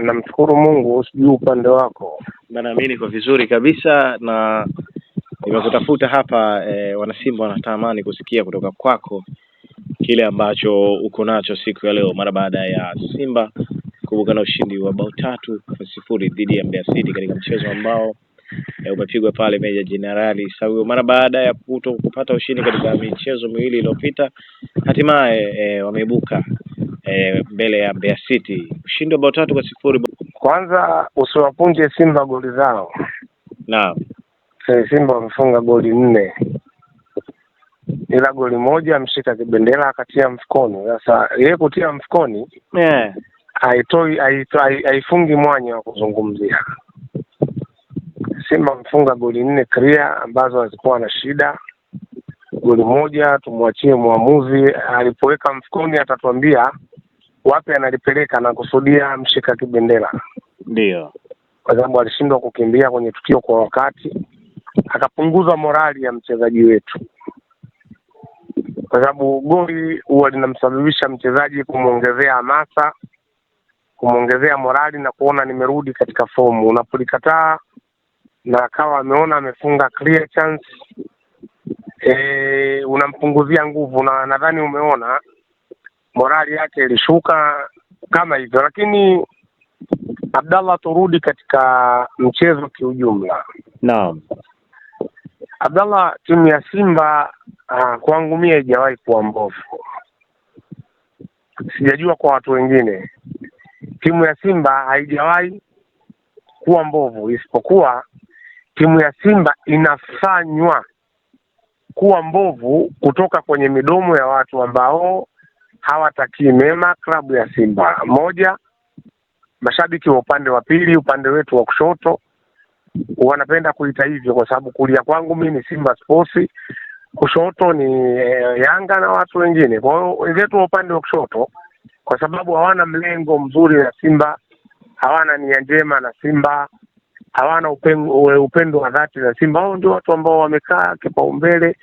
namshukuru Mungu, sijui upande wako bana. Mimi niko vizuri kabisa na nimekutafuta hapa e, wanasimba wanatamani kusikia kutoka kwako kile ambacho uko nacho siku ya leo mara baada ya Simba kuibuka na ushindi wa bao tatu kwa sifuri dhidi ya Mbeya City katika mchezo ambao e, umepigwa pale Meja Jenerali Sawio mara baada ya kuto kupata ushindi katika michezo miwili iliyopita, hatimaye e, wameibuka eh, mbele ya Mbeya City, ushindi wa bao tatu kwa sifuri. Kwanza usiwapunje Simba goli zao. Naam, Simba wamefunga goli nne ila goli moja amshika kibendera akatia mfukoni. Sasa yeye kutia mfukoni yeah, haifungi mwanya wa kuzungumzia. Simba mfunga goli nne clear ambazo hazikuwa na shida. Goli moja tumwachie mwamuzi, alipoweka mfukoni atatuambia wapi analipeleka, anakusudia mshika kibendera, ndio kwa sababu alishindwa kukimbia kwenye tukio kwa wakati, akapunguza morali ya mchezaji wetu, kwa sababu goli huwa linamsababisha mchezaji kumwongezea hamasa, kumwongezea morali na kuona nimerudi katika fomu. Unapolikataa na akawa ameona amefunga clear chance, e, unampunguzia nguvu, na nadhani umeona morali yake ilishuka kama hivyo, lakini Abdallah, turudi katika mchezo kiujumla. Naam Abdallah, timu ya Simba uh, kwangu mie haijawahi kuwa mbovu, sijajua kwa watu wengine. Timu ya Simba haijawahi kuwa mbovu, isipokuwa timu ya Simba inafanywa kuwa mbovu kutoka kwenye midomo ya watu ambao hawatakii mema klabu ya Simba. Moja, mashabiki wa upande wa pili, upande wetu wa kushoto, wanapenda kuita hivyo kwa sababu kulia kwangu mi ni Simba Sports, kushoto ni eh, Yanga na watu wengine. Kwa hiyo wenzetu wa upande wa kushoto, kwa sababu hawana mlengo mzuri na Simba, hawana nia njema na Simba, hawana upendo, upendo wa dhati na Simba, hao ndio watu ambao wamekaa kipaumbele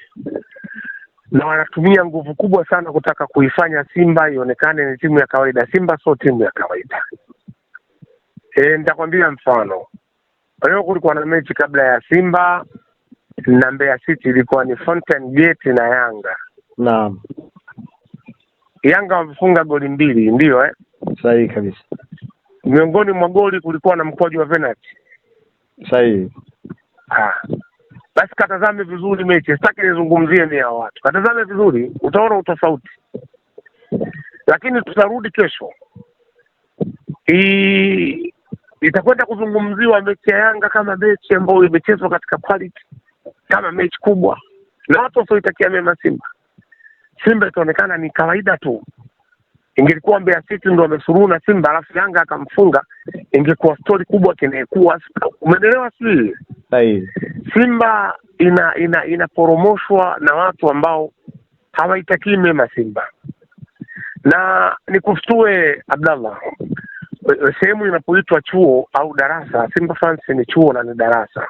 na wanatumia nguvu kubwa sana kutaka kuifanya Simba ionekane ni timu ya kawaida. Simba sio timu ya kawaida. E, nitakwambia mfano leo kulikuwa na mechi kabla ya Simba na Mbeya City, ilikuwa ni Fountain Gate na Yanga. Naam, Yanga wamefunga goli mbili, ndio eh? Sahihi kabisa. Miongoni mwa goli kulikuwa na mkwaju wa penalty. Sahihi. Ah, basi katazame vizuri mechi, sitaki nizungumzie nia ya watu. Katazame vizuri, utaona utofauti, lakini tutarudi kesho I... itakwenda kuzungumziwa mechi ya Yanga kama mechi ambayo imechezwa katika quality, kama mechi kubwa, na watu wasioitakia mema Simba. Simba itaonekana ni kawaida tu. Ingelikuwa Mbeya City ndo wamesuruu na Simba alafu Yanga akamfunga, ingekuwa stori kubwa, kinaekuwa umeendelewa sijui Simba ina ina inaporomoshwa na watu ambao hawaitakii mema Simba, na nikushtue Abdallah, sehemu inapoitwa chuo au darasa, Simba Fans ni chuo na ni darasa.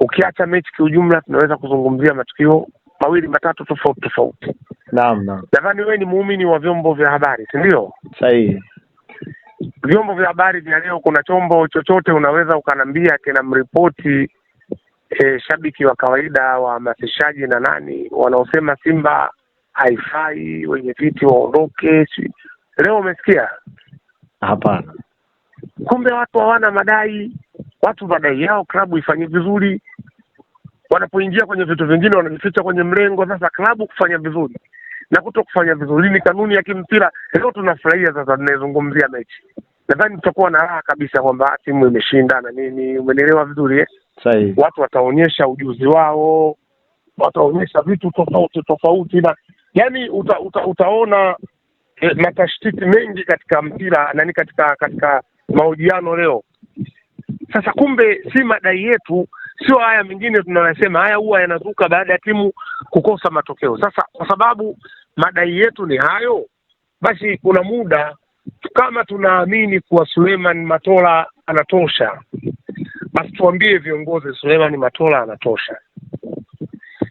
Ukiacha mechi kiujumla, tunaweza kuzungumzia matukio mawili matatu tofauti tofauti. Naam, naam. Nadhani wewe ni muumini wa vyombo vya habari, si ndio? Sahihi vyombo vya habari vya leo, kuna chombo chochote unaweza ukanambia kinamripoti e, eh, shabiki wa kawaida, wahamasishaji na nani wanaosema Simba haifai, wenye viti waondoke? Leo umesikia? Hapana. Kumbe watu hawana madai, watu madai yao klabu ifanye vizuri. Wanapoingia kwenye vitu vingine wanajificha kwenye mlengo sasa klabu kufanya vizuri na kuto kufanya vizuri ni kanuni ya kimpira. Leo tunafurahia sasa, tunaizungumzia mechi nadhani tutakuwa na raha kabisa kwamba timu imeshinda na nini. Umenielewa vizuri eh? Watu wataonyesha ujuzi wao, wataonyesha vitu tofauti tofauti, na yani uta, uta, utaona eh, matashtiti mengi katika mpira nani, katika katika mahojiano leo. Sasa kumbe si madai yetu, sio haya mengine tunayosema, haya huwa yanazuka baada ya timu kukosa matokeo. Sasa kwa sababu madai yetu ni hayo, basi kuna muda kama tunaamini kuwa Suleiman Matola anatosha, basi tuambie viongozi, Suleiman Matola anatosha.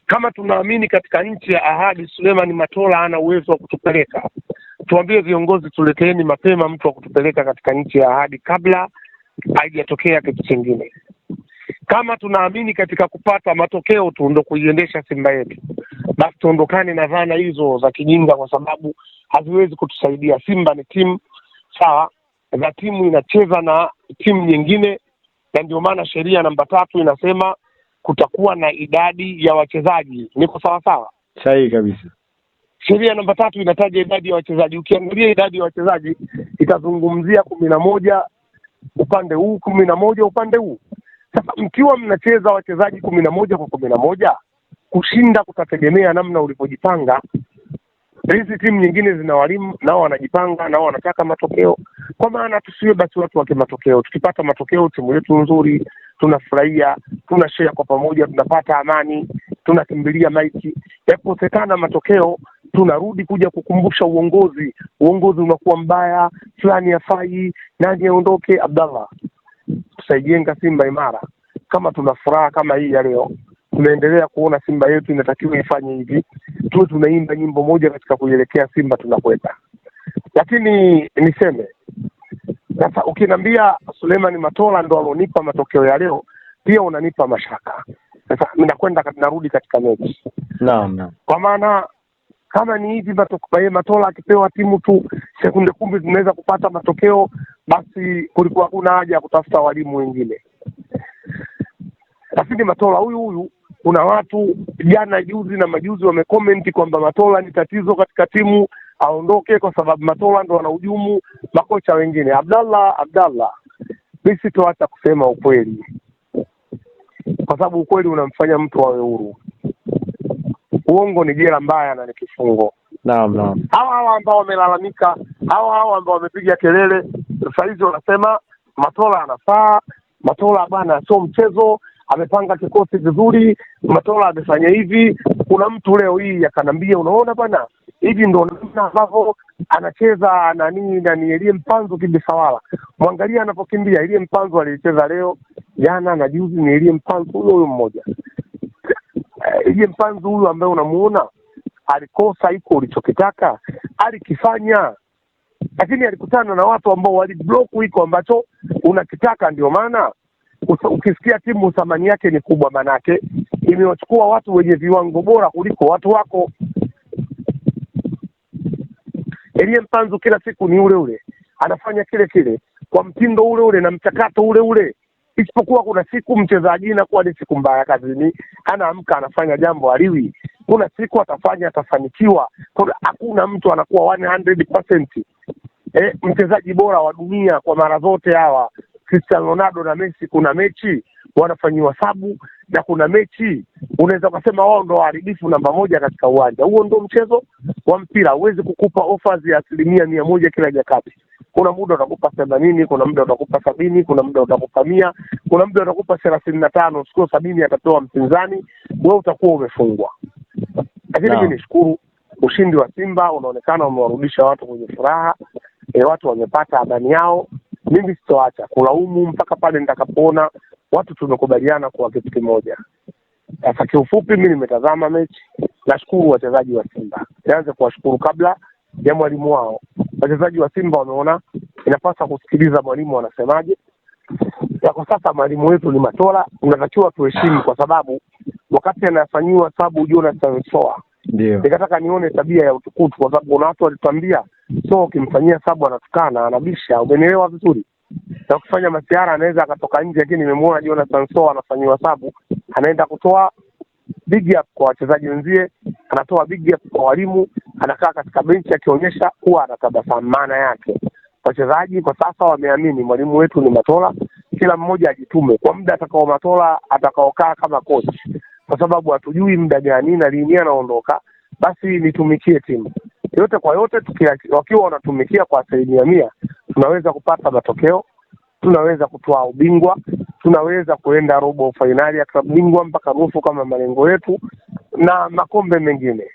Kama tunaamini katika nchi ya ahadi, Suleiman Matola ana uwezo wa kutupeleka, tuambie viongozi, tuleteeni mapema mtu wa kutupeleka katika nchi ya ahadi kabla haijatokea kitu chingine. Kama tunaamini katika kupata matokeo tu ndo kuiendesha Simba yetu, basi tuondokane na dhana hizo za kijinga, kwa sababu haziwezi kutusaidia. Simba ni timu sawa na timu inacheza na timu nyingine, na ndio maana sheria namba tatu inasema kutakuwa na idadi ya wachezaji. Niko sawa sawa? Sahihi kabisa. Sheria namba tatu inataja idadi ya wachezaji. Ukiangalia idadi ya wachezaji itazungumzia kumi na moja upande huu, kumi na moja upande huu. Sasa mkiwa mnacheza wachezaji kumi na moja kwa kumi na moja, kushinda kutategemea namna ulivyojipanga hizi timu nyingine zina walimu nao wanajipanga nao wanataka matokeo. Kwa maana tusiwe basi watu wake matokeo, tukipata matokeo timu yetu nzuri tunafurahia, tunashea kwa pamoja, tunapata amani, tunakimbilia maiki Yakosekana matokeo tunarudi kuja kukumbusha uongozi, uongozi unakuwa mbaya, fulani hafai, nani aondoke. Abdallah, tusaijenga Simba imara kama tuna furaha kama hii ya leo tumeendelea kuona Simba yetu inatakiwa ifanye hivi, tuwe tunaimba nyimbo moja katika kuielekea Simba tunakwenda. Lakini niseme sasa, ukiniambia Suleiman Matola ndo alonipa matokeo ya leo, pia unanipa mashaka. Sasa ninakwenda narudi katika mechi naam, naam, kwa maana kama ni hivi eh, Matola akipewa timu tu sekunde kumi zinaweza kupata matokeo, basi kulikuwa hakuna haja ya kutafuta walimu wengine. Lakini Matola huyu huyu kuna watu jana juzi na majuzi wamekomenti kwamba Matola ni tatizo katika timu, aondoke kwa sababu Matola ndo wanahujumu makocha wengine. Abdallah, Abdallah, mi sitoacha kusema ukweli, kwa sababu ukweli unamfanya mtu awe huru. Uongo ni jela mbaya na ni kifungo. Naam, naam. Hawa hawa ambao wamelalamika, hawa hawa ambao wamepiga kelele saa hizi wanasema Matola anafaa, Matola bwana, sio mchezo amepanga kikosi vizuri, Matola amefanya hivi. Kuna mtu leo hii akanambia, unaona bwana, hivi ndo namna ambavyo anacheza nani nani Elie Mpanzo kibisawala. Mwangalia anapokimbia Elie Mpanzo alicheza leo, jana na juzi, ni Elie Mpanzo huyo huyo mmoja. Eh, Elie Mpanzo huyu ambaye unamuona alikosa hiko ulichokitaka alikifanya, lakini alikutana na watu ambao walibloku hiko ambacho unakitaka, ndio maana ukisikia timu thamani yake ni kubwa, manake imewachukua watu wenye viwango bora kuliko watu wako. Elie Mpanzu kila siku ni ule ule, anafanya kile kile kwa mtindo ule ule na mchakato ule ule, isipokuwa kuna siku mchezaji inakuwa ni siku mbaya kazini, anaamka anafanya jambo aliwi. Kuna siku atafanya atafanikiwa, hakuna mtu anakuwa 100%. Eh, mchezaji bora wa dunia kwa mara zote hawa Cristiano Ronaldo na Messi kuna mechi wanafanyiwa sabu na kuna mechi unaweza ukasema wao ndo waharibifu namba moja katika uwanja huo. Ndo mchezo wa mpira, huwezi kukupa ofas ya asilimia mia moja kila nyakati. Kuna muda utakupa themanini, kuna muda utakupa sabini, kuna muda utakupa mia, kuna muda utakupa thelathini na tano. Sikuo sabini atatoa mpinzani, wewe utakuwa umefungwa. Lakini mi nishukuru ushindi wa Simba unaonekana umewarudisha watu kwenye furaha. E, watu wamepata amani yao mimi sitoacha kulaumu mpaka pale nitakapoona watu tumekubaliana kuwa kitu kimoja. Sasa kiufupi, mi nimetazama mechi, nashukuru wachezaji wa Simba. Nianze kuwashukuru kabla ya mwalimu wao. Wachezaji wa Simba wameona inapaswa kusikiliza mwalimu wanasemaje na kwa sasa mwalimu wetu ni Matola, unatakiwa tuheshimu, kwa sababu wakati anafanyiwa sabu Jonathan Soa, nikataka nione tabia ya utukutu, kwa sababu kuna watu walituambia so ukimfanyia sabu anatukana anabisha. Umenielewa vizuri? Na ukifanya masiara anaweza akatoka nje, lakini nimemwona Jonathan So anafanyiwa sabu, anaenda kutoa big up kwa wachezaji wenzie, anatoa big up kwa walimu, anakaa katika benchi akionyesha kuwa anatabasamu. Maana yake wachezaji kwa sasa wameamini mwalimu wetu ni Matola, kila mmoja ajitume kwa muda atakao Matola atakaokaa kama coach, kwa sababu hatujui muda gani na lini anaondoka, basi nitumikie timu yote kwa yote tukia, wakiwa wanatumikia kwa asilimia mia, tunaweza kupata matokeo, tunaweza kutoa ubingwa, tunaweza kuenda robo fainali ya klabu bingwa mpaka rufu kama malengo yetu na makombe mengine.